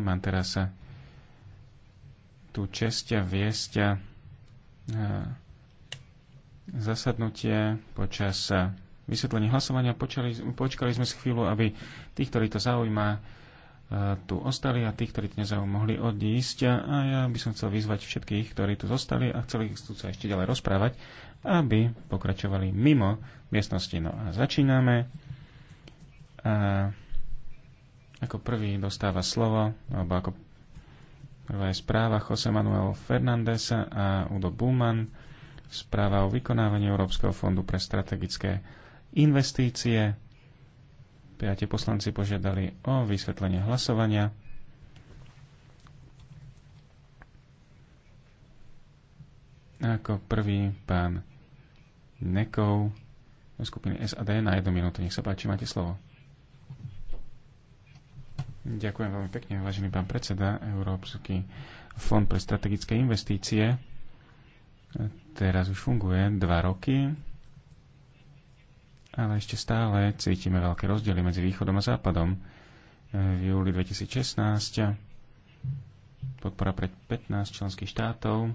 Mám teraz eh, tu česť viesť eh, zasadnutie počas eh, vysvetlenia hlasovania. Počali, počkali sme si chvíľu, aby tých, ktorí to zaujíma, tu ostali a tých, ktorí to nezaujíma, mohli odísť. A ja by som chcel vyzvať všetkých, ktorí tu zostali a chceli tu sa ešte ďalej rozprávať, aby pokračovali mimo miestnosti. No a začíname. A ako prvý dostáva slovo, alebo ako prvá je správa Jose Manuel Fernandesa a Udo Buman, správa o vykonávaní Európskeho fondu pre strategické investície. Piate poslanci požiadali o vysvetlenie hlasovania. Ako prvý pán Nekov skupiny SAD na jednu minútu. Nech sa páči, máte slovo. Ďakujem veľmi pekne, vážený pán predseda. Európsky fond pre strategické investície teraz už funguje dva roky, ale ešte stále cítime veľké rozdiely medzi východom a západom. V júli 2016 podpora pre 15 členských štátov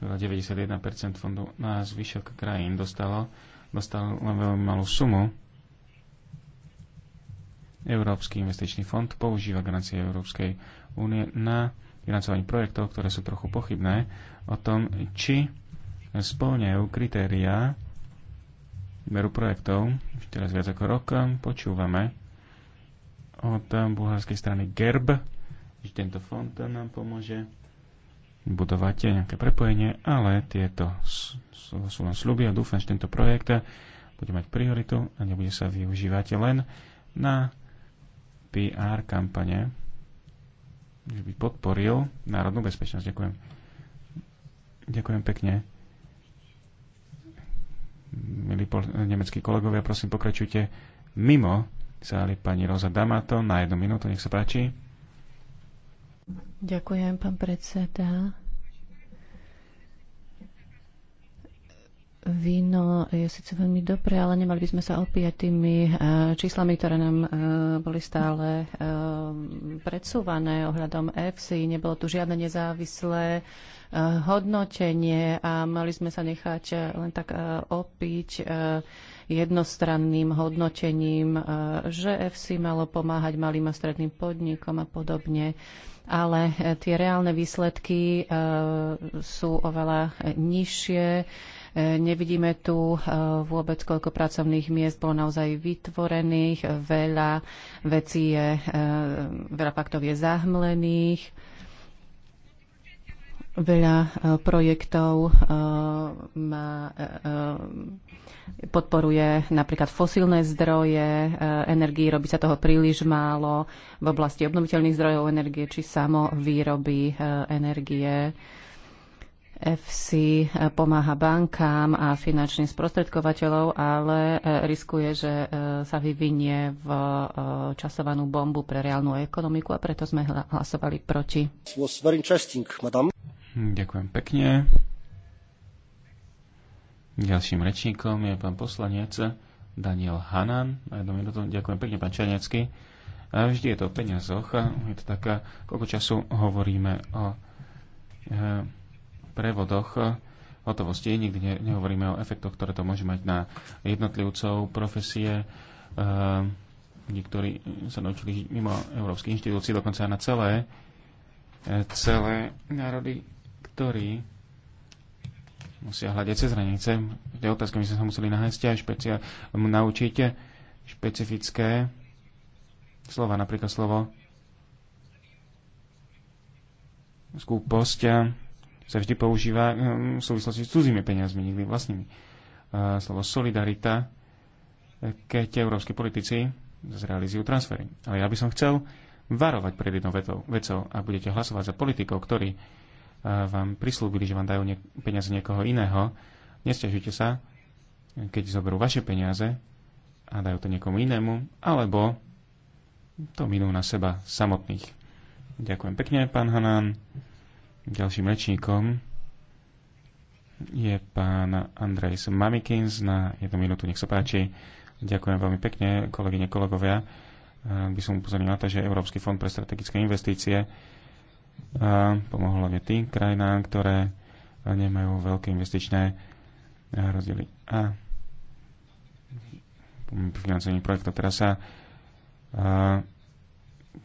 teda 91% fondu na no zvyšok krajín dostalo, dostalo len veľmi malú sumu Európsky investičný fond používa garancie Európskej únie na financovanie projektov, ktoré sú trochu pochybné o tom, či spĺňajú kritériá veru projektov. Už teraz viac ako rok počúvame od bulharskej strany GERB, že tento fond nám pomôže budovať nejaké prepojenie, ale tieto sú len sluby a dúfam, že tento projekt bude mať prioritu a nebude sa využívať len na PR kampane, že by podporil národnú bezpečnosť. Ďakujem. Ďakujem pekne. Milí nemeckí kolegovia, prosím pokračujte mimo sály pani Roza Damato na jednu minútu, nech sa páči. Ďakujem, pán predseda. Víno je síce veľmi dobré, ale nemali by sme sa opíjať tými eh, číslami, ktoré nám eh, boli stále eh, predsúvané ohľadom EFSI. Nebolo tu žiadne nezávislé hodnotenie a mali sme sa nechať len tak opiť jednostranným hodnotením, že EFSI malo pomáhať malým a stredným podnikom a podobne ale tie reálne výsledky sú oveľa nižšie Nevidíme tu e, vôbec, koľko pracovných miest bolo naozaj vytvorených, veľa vecí je, e, veľa faktov je zahmlených, veľa e, projektov má, podporuje napríklad fosílne zdroje energii, robí sa toho príliš málo v oblasti obnoviteľných zdrojov energie či samo výroby energie FC eh, pomáha bankám a finančným sprostredkovateľov, ale eh, riskuje, že eh, sa vyvinie v časovanú bombu pre reálnu ekonomiku a preto sme hlasovali proti. Ďakujem pekne. Ďalším rečníkom je pán poslanec Daniel Hanan. Ďakujem pekne, pán Čanecký. Vždy je to o peniazoch. Je to taká, koľko času hovoríme o prevodoch hotovosti. Nikdy ne, nehovoríme o efektoch, ktoré to môže mať na jednotlivcov, profesie, Uh, niektorí sa naučili mimo európskych inštitúcií, dokonca aj na celé, eh, celé národy, ktorí musia hľadať cez hranice. Tie otázky my sme sa museli nájsť a špecia, naučiť špecifické slova, napríklad slovo skúposť sa vždy používa hm, v súvislosti s cudzími peniazmi, nikdy vlastnými. Slovo solidarita, keď európsky politici zrealizujú transfery. Ale ja by som chcel varovať pred jednou vecou. Ak budete hlasovať za politikov, ktorí vám prislúbili, že vám dajú niek- peniaze niekoho iného, nestiažujte sa, keď zoberú vaše peniaze a dajú to niekomu inému, alebo to minú na seba samotných. Ďakujem pekne, pán Hanán. Ďalším rečníkom je pán Andrejs Mamikins na jednu minútu, nech sa páči. Ďakujem veľmi pekne, kolegyne, kolegovia. By som upozornil na to, že Európsky fond pre strategické investície pomohol hlavne tým krajinám, ktoré nemajú veľké investičné rozdiely. A financovaní projektov teraz sa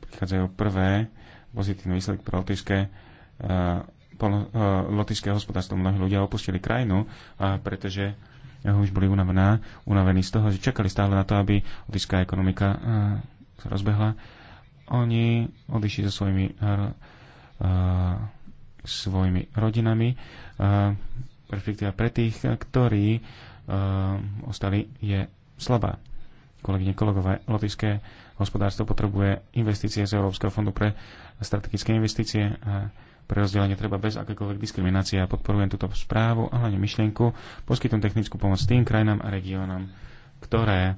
prichádzajú prvé pozitívne výsledky pro Lotyšské Eh, eh, lotišské hospodárstvo. Mnohí ľudia opustili krajinu, eh, pretože už boli unavená, unavení z toho, že čakali stále na to, aby lotišská ekonomika sa rozbehla. Oni odišli so svojimi, svojimi rodinami. Perspektíva pre tých, ktorí ostali, je slabá. Kolegyne, kolegové, lotišské hospodárstvo potrebuje investície z Európskeho fondu pre strategické investície a pre rozdelenie treba bez akékoľvek diskriminácie. Ja podporujem túto správu a hlavne myšlienku Poskytujem technickú pomoc tým krajinám a regiónom, ktoré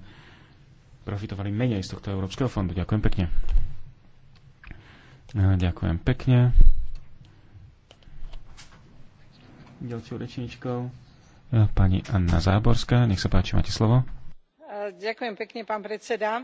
profitovali menej z tohto Európskeho fondu. Ďakujem pekne. Ďakujem pekne. Ďalšou rečničkou e, pani Anna Záborská. Nech sa páči, máte slovo. E, ďakujem pekne, pán predseda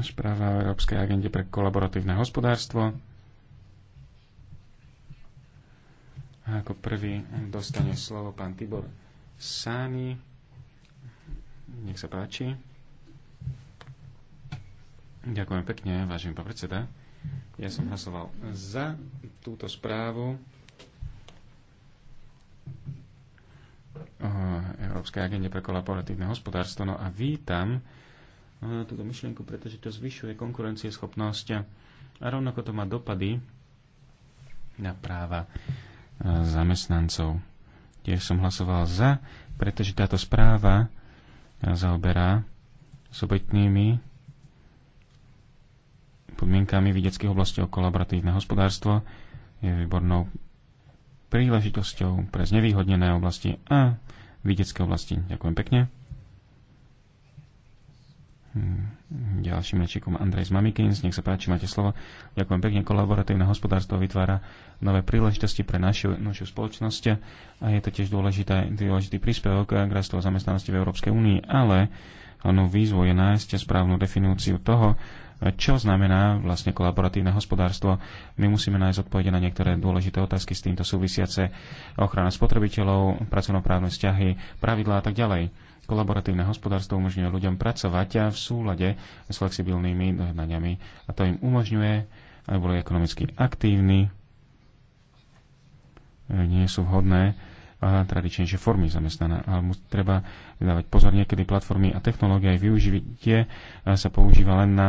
Správa o Európskej agende pre kolaboratívne hospodárstvo. A ako prvý dostane slovo pán Tibor Sány. Nech sa páči. Ďakujem pekne, vážený pán predseda. Ja som hlasoval za túto správu o Európskej agende pre kolaboratívne hospodárstvo. No a vítam túto myšlienku, pretože to zvyšuje konkurencieschopnosť a rovnako to má dopady na práva e, zamestnancov. Tiež som hlasoval za, pretože táto správa e, zaoberá sobotnými podmienkami vidieckých oblasti o kolaboratívne hospodárstvo je výbornou príležitosťou pre znevýhodnené oblasti a vidiecké oblasti. Ďakujem pekne. Mm, ďalším rečníkom Andrej Mamikins. Nech sa páči, máte slovo. Ďakujem pekne. Kolaboratívne hospodárstvo vytvára nové príležitosti pre našu, našu spoločnosť a je to tiež dôležitý, dôležitý príspevok k rastu a zamestnanosti v Európskej únii, ale hlavnou výzvou je nájsť správnu definíciu toho, čo znamená vlastne kolaboratívne hospodárstvo. My musíme nájsť odpovede na niektoré dôležité otázky s týmto súvisiace, ochrana spotrebiteľov, pracovnoprávne vzťahy, pravidlá a tak ďalej. Kolaboratívne hospodárstvo umožňuje ľuďom pracovať v súlade s flexibilnými dohnaniami, a to im umožňuje, aby boli ekonomicky aktívni, nie sú vhodné tradičnejšie formy zamestnané, Ale treba dávať pozor, niekedy platformy a technológie aj využitie sa používa len na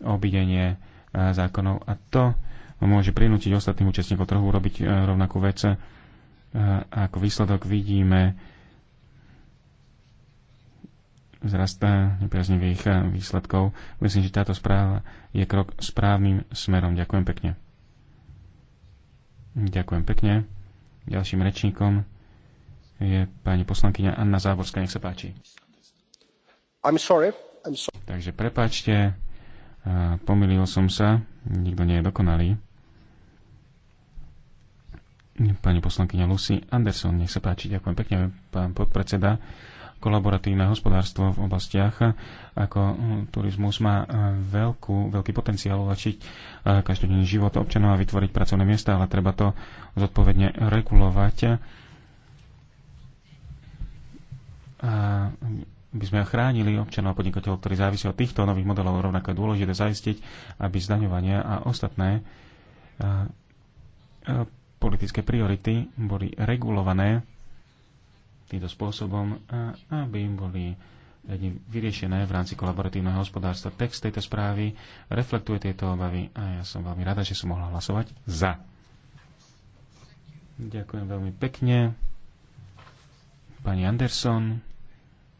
obidenie zákonov a to môže prinútiť ostatných účastníkov trhu urobiť e, rovnakú vec. A ako výsledok vidíme zrasta e, nepriaznivých e, výsledkov. Myslím, že táto správa je krok správnym smerom. Ďakujem pekne. Ďakujem pekne. Ďalším rečníkom je pani poslankyňa Anna Záborská. Nech sa páči. I'm sorry. Takže prepáčte, pomýlil som sa, nikto nie je dokonalý. Pani poslankyňa Lucy Anderson, nech sa páči, ďakujem pekne, pán podpredseda. Kolaboratívne hospodárstvo v oblastiach ako hm, turizmus má veľkú, veľký potenciál uľahčiť každodenný život občanov a vytvoriť pracovné miesta, ale treba to zodpovedne regulovať. A by sme chránili občanov a podnikateľov, ktorí závisia od týchto nových modelov, rovnako je dôležité zaistiť, aby zdaňovania a ostatné a, a, politické priority boli regulované týmto spôsobom, a, aby im boli vyriešené v rámci kolaboratívneho hospodárstva. Text tejto správy reflektuje tieto obavy a ja som veľmi rada, že som mohla hlasovať za. Ďakujem veľmi pekne. Pani Anderson.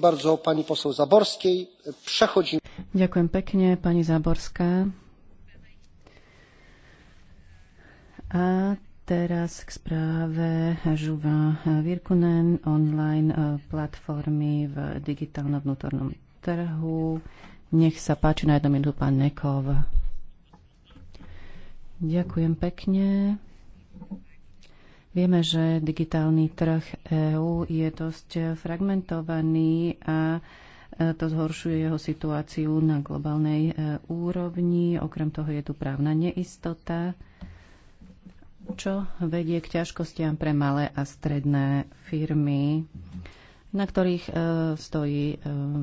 Bardzo, pani Przechodzi... Ďakujem pekne, pani Záborská. A teraz k správe Žuva Virkunen, online e, platformy v digitálnom vnútornom trhu. Nech sa páči na jednom minútu pán Nekov. Ďakujem pekne. Vieme, že digitálny trh EÚ je dosť fragmentovaný a e, to zhoršuje jeho situáciu na globálnej e, úrovni. Okrem toho je tu právna neistota, čo vedie k ťažkostiam pre malé a stredné firmy na ktorých e, stojí e,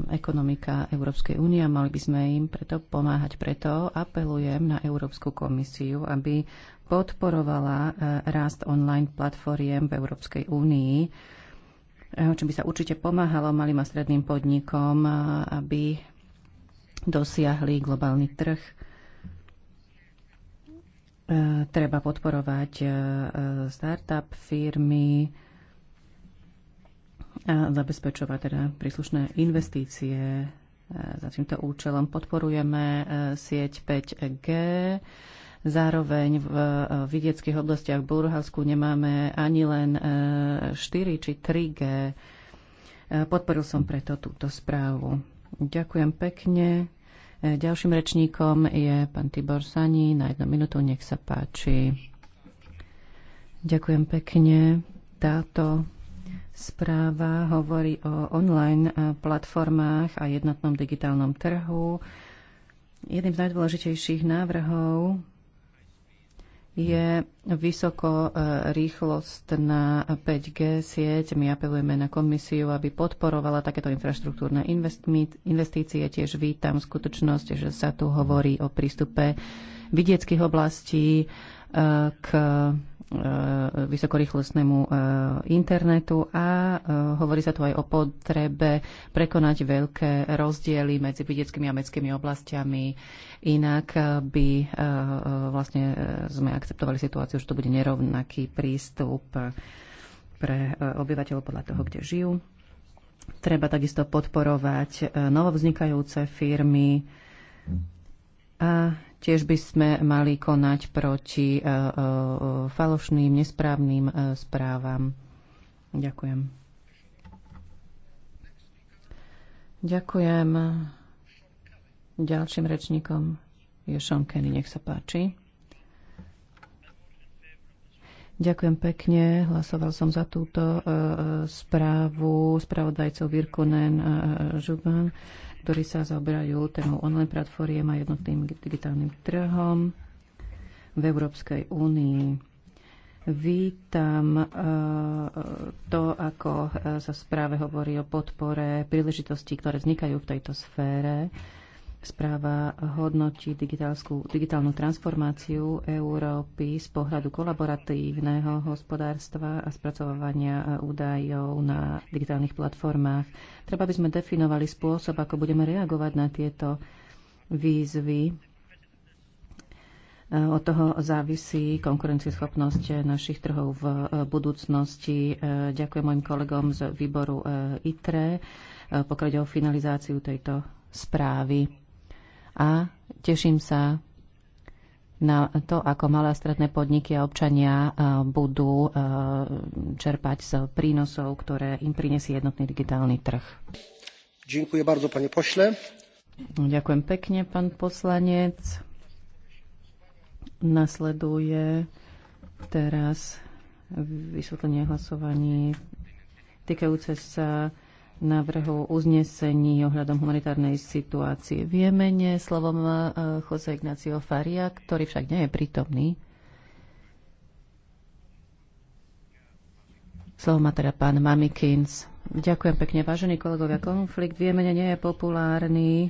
ekonomika Európskej únie a mali by sme im preto pomáhať. Preto apelujem na Európsku komisiu, aby podporovala e, rast online platformiem v Európskej únii, čo by sa určite pomáhalo malým a stredným podnikom, aby dosiahli globálny trh treba podporovať startup firmy, a zabezpečovať teda príslušné investície e, za týmto účelom. Podporujeme e, sieť 5G. Zároveň e, v vidieckých oblastiach v Bulharsku nemáme ani len 4 či 3G. Podporil som preto túto správu. Ďakujem pekne. Ďalším rečníkom je pán Tibor Sani. Na jednu minútu nech sa páči. Ďakujem pekne. Táto Správa hovorí o online eh, platformách a jednotnom digitálnom trhu. Jedným z najdôležitejších návrhov je vysoko eh, rýchlostná 5G sieť. My apelujeme na komisiu, aby podporovala takéto infraštruktúrne investície. Tiež vítam skutočnosť, že sa tu hovorí o prístupe vidieckých oblastí eh, k E, vysokorýchlostnému e, internetu a e, hovorí sa tu aj o potrebe prekonať veľké rozdiely medzi vidieckými a mestskými oblastiami. Inak by vlastne sme akceptovali situáciu, že to bude nerovnaký prístup pre obyvateľov podľa toho, kde žijú. Treba takisto podporovať novovznikajúce firmy a Tiež by sme mali konať proti e, e, e, falošným, nesprávnym správam. Ďakujem. Ďakujem. Ďalším rečníkom je Sean Kenny, nech sa páči. Ďakujem pekne. Hlasoval som za túto e, e, správu spravodajcov Virkonen a e, Žuban, ktorí sa zaoberajú témou online platformiem a jednotným digitálnym trhom v Európskej únii. Vítam to, ako sa v správe hovorí o podpore príležitostí, ktoré vznikajú v tejto sfére Správa hodnotí digitálnu transformáciu Európy z pohľadu kolaboratívneho hospodárstva a spracovávania údajov na digitálnych platformách. Treba by sme definovali spôsob, ako budeme reagovať na tieto výzvy. Od toho závisí konkurencieschopnosť našich trhov v budúcnosti. Ďakujem mojim kolegom z výboru eh, ITRE, eh, pokiaľ o finalizáciu tejto správy a teším sa na to, ako malé a stredné podniky a občania e, budú e, čerpať z prínosov, ktoré im prinesie jednotný digitálny trh. Ďakujem bardzo, pani pošle. Ďakujem pekne, pán poslanec. Nasleduje teraz vysvetlenie hlasovaní týkajúce sa návrhu uznesení ohľadom humanitárnej situácie v Jemene slovom e, Jose Ignacio Faria, ktorý však nie je prítomný. Slovo má teda pán Mamikins. Ďakujem pekne. Vážení kolegovia, konflikt v Jemene nie je populárny e,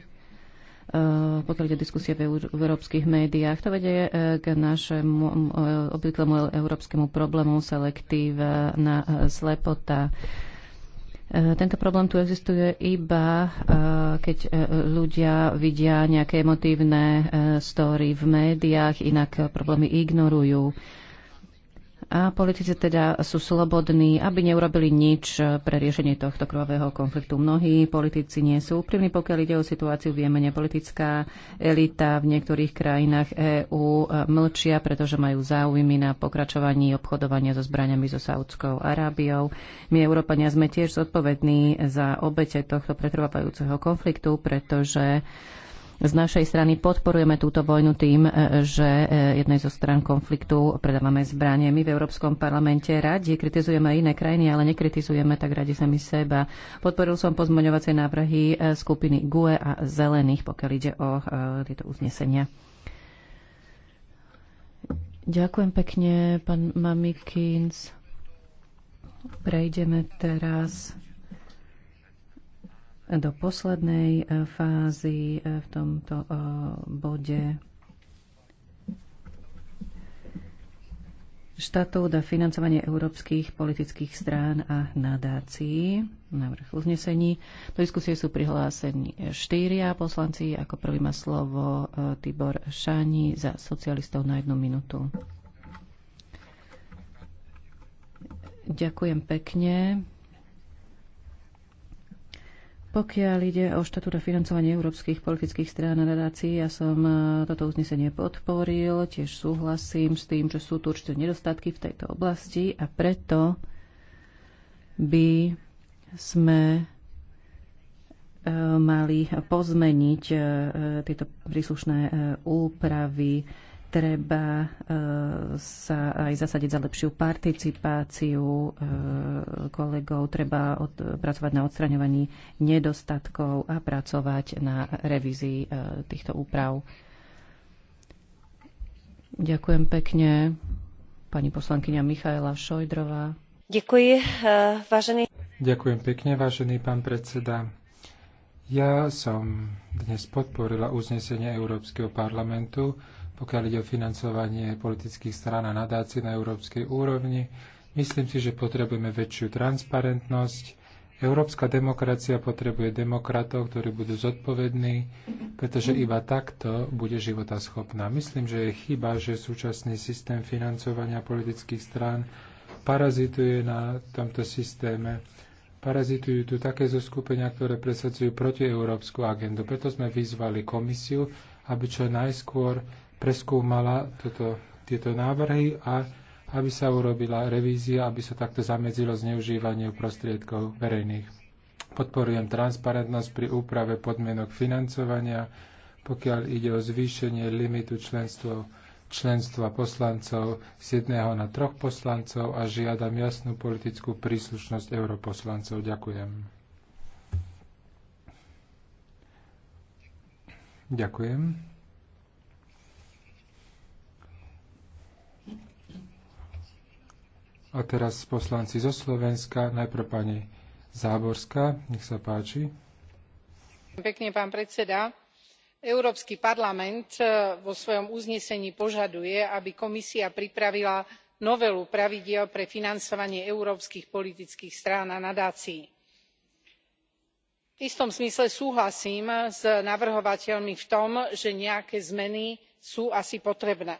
pokiaľ ide diskusie v európskych médiách. To vedie e, k našemu obvyklému európskemu problému selektív na slepota. Eh, tento problém tu existuje iba, eh, keď eh, ľudia vidia nejaké emotívne story v médiách, inak problémy ignorujú a politici teda sú slobodní, aby neurobili nič pre riešenie tohto krvavého konfliktu. Mnohí politici nie sú úprimní, pokiaľ ide o situáciu v Jemene. Politická elita v niektorých krajinách EÚ e, mlčia, pretože majú záujmy na pokračovaní obchodovania so zbraniami so Saudskou Arábiou. My, Európania, sme tiež zodpovední za obete tohto pretrvávajúceho konfliktu, pretože z našej strany podporujeme túto vojnu tým, e, že e, jednej zo stran konfliktu predávame zbranie. My v Európskom parlamente radi kritizujeme iné krajiny, ale nekritizujeme tak radi sami seba. Podporil som pozmoňovacie návrhy e, skupiny GUE a Zelených, pokiaľ ide o tieto uznesenia. Ďakujem pekne, pán Mamikins. Prejdeme teraz do poslednej e, fázy e, v tomto e, bode. Štatút a financovanie európskych politických strán a nadácií. Návrh uznesení. Do diskusie sú prihlásení štyria poslanci. Ako prvý má slovo Tibor Šáni za socialistov na jednu minútu. Ďakujem pekne. Pokiaľ ide o štatút a financovanie európskych politických strán a nadácií, ja som e, toto uznesenie podporil, tiež súhlasím s tým, že sú tu určite nedostatky v tejto oblasti a preto by sme e, mali pozmeniť e, tieto príslušné úpravy treba e, sa aj zasadiť za lepšiu participáciu e, kolegov, treba od, pracovať na odstraňovaní nedostatkov a pracovať na revízii e, týchto úprav. Ďakujem pekne. Pani poslankyňa Michaela Šojdrová. Ďakujem, vážený. Ďakujem pekne, vážený pán predseda. Ja som dnes podporila uznesenie Európskeho parlamentu, pokiaľ ide o financovanie politických strán a nadácií na európskej úrovni. Myslím si, že potrebujeme väčšiu transparentnosť. Európska demokracia potrebuje demokratov, ktorí budú zodpovední, pretože iba takto bude života schopná. Myslím, že je chyba, že súčasný systém financovania politických strán parazituje na tomto systéme parazitujú tu také zoskupenia, ktoré presadzujú protieurópsku agendu. Preto sme vyzvali komisiu, aby čo najskôr preskúmala toto, tieto návrhy a aby sa urobila revízia, aby sa takto zamedzilo zneužívanie prostriedkov verejných. Podporujem transparentnosť pri úprave podmienok financovania, pokiaľ ide o zvýšenie limitu členstvo, členstva poslancov z jedného na troch poslancov a žiadam jasnú politickú príslušnosť europoslancov. Ďakujem. Ďakujem. A teraz poslanci zo Slovenska, najprv pani Záborská, nech sa páči. Pekne, pán predseda. Európsky parlament eh, vo svojom uznesení požaduje, aby komisia pripravila novelu pravidiel pre financovanie európskych politických strán a nadácií. v istom smysle súhlasím s navrhovateľmi v tom že nejaké zmeny sú asi potrebné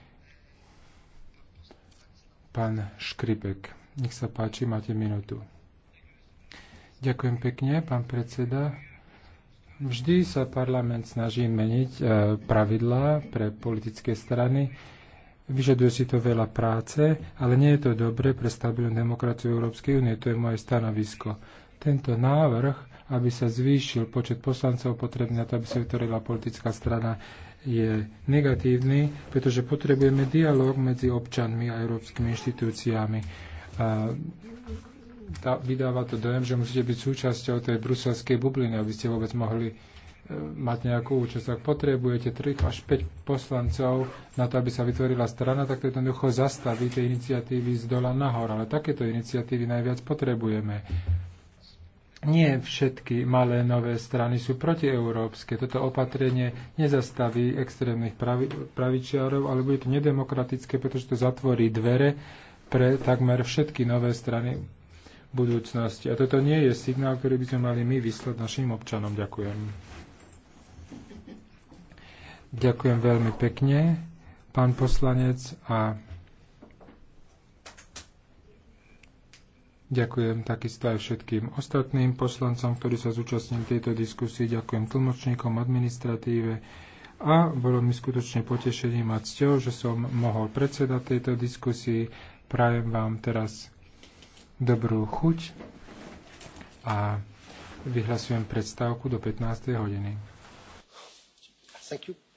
Pán Škripek, nech sa páči, máte minútu. Ďakujem pekne, pán predseda. Vždy sa parlament snaží meniť e, pravidlá pre politické strany. Vyžaduje si to veľa práce, ale nie je to dobre pre stabilnú demokraciu Európskej únie. To je moje stanovisko. Tento návrh, aby sa zvýšil počet poslancov potrebný na to, aby sa vytvorila politická strana, je negatívny, pretože potrebujeme dialog medzi občanmi a európskymi inštitúciami. A tá, vydáva to dojem, že musíte byť súčasťou tej bruselskej bubliny, aby ste vôbec mohli e, mať nejakú účasť. Ak potrebujete 3 až 5 poslancov na to, aby sa vytvorila strana, tak to jednoducho zastaví tie iniciatívy z dola nahor. Ale takéto iniciatívy najviac potrebujeme nie všetky malé nové strany sú protieurópske. Toto opatrenie nezastaví extrémnych pravi, pravičiarov, ale bude to nedemokratické, pretože to zatvorí dvere pre takmer všetky nové strany budúcnosti. A toto nie je signál, ktorý by sme mali my vyslať našim občanom. Ďakujem. Ďakujem veľmi pekne, pán poslanec. A Ďakujem takisto aj všetkým ostatným poslancom, ktorí sa zúčastnili tejto diskusie. Ďakujem tlmočníkom, administratíve. A bolo mi skutočne potešením a cťou, že som mohol predsedať tejto diskusii. Prajem vám teraz dobrú chuť a vyhlasujem predstavku do 15. hodiny. Thank you.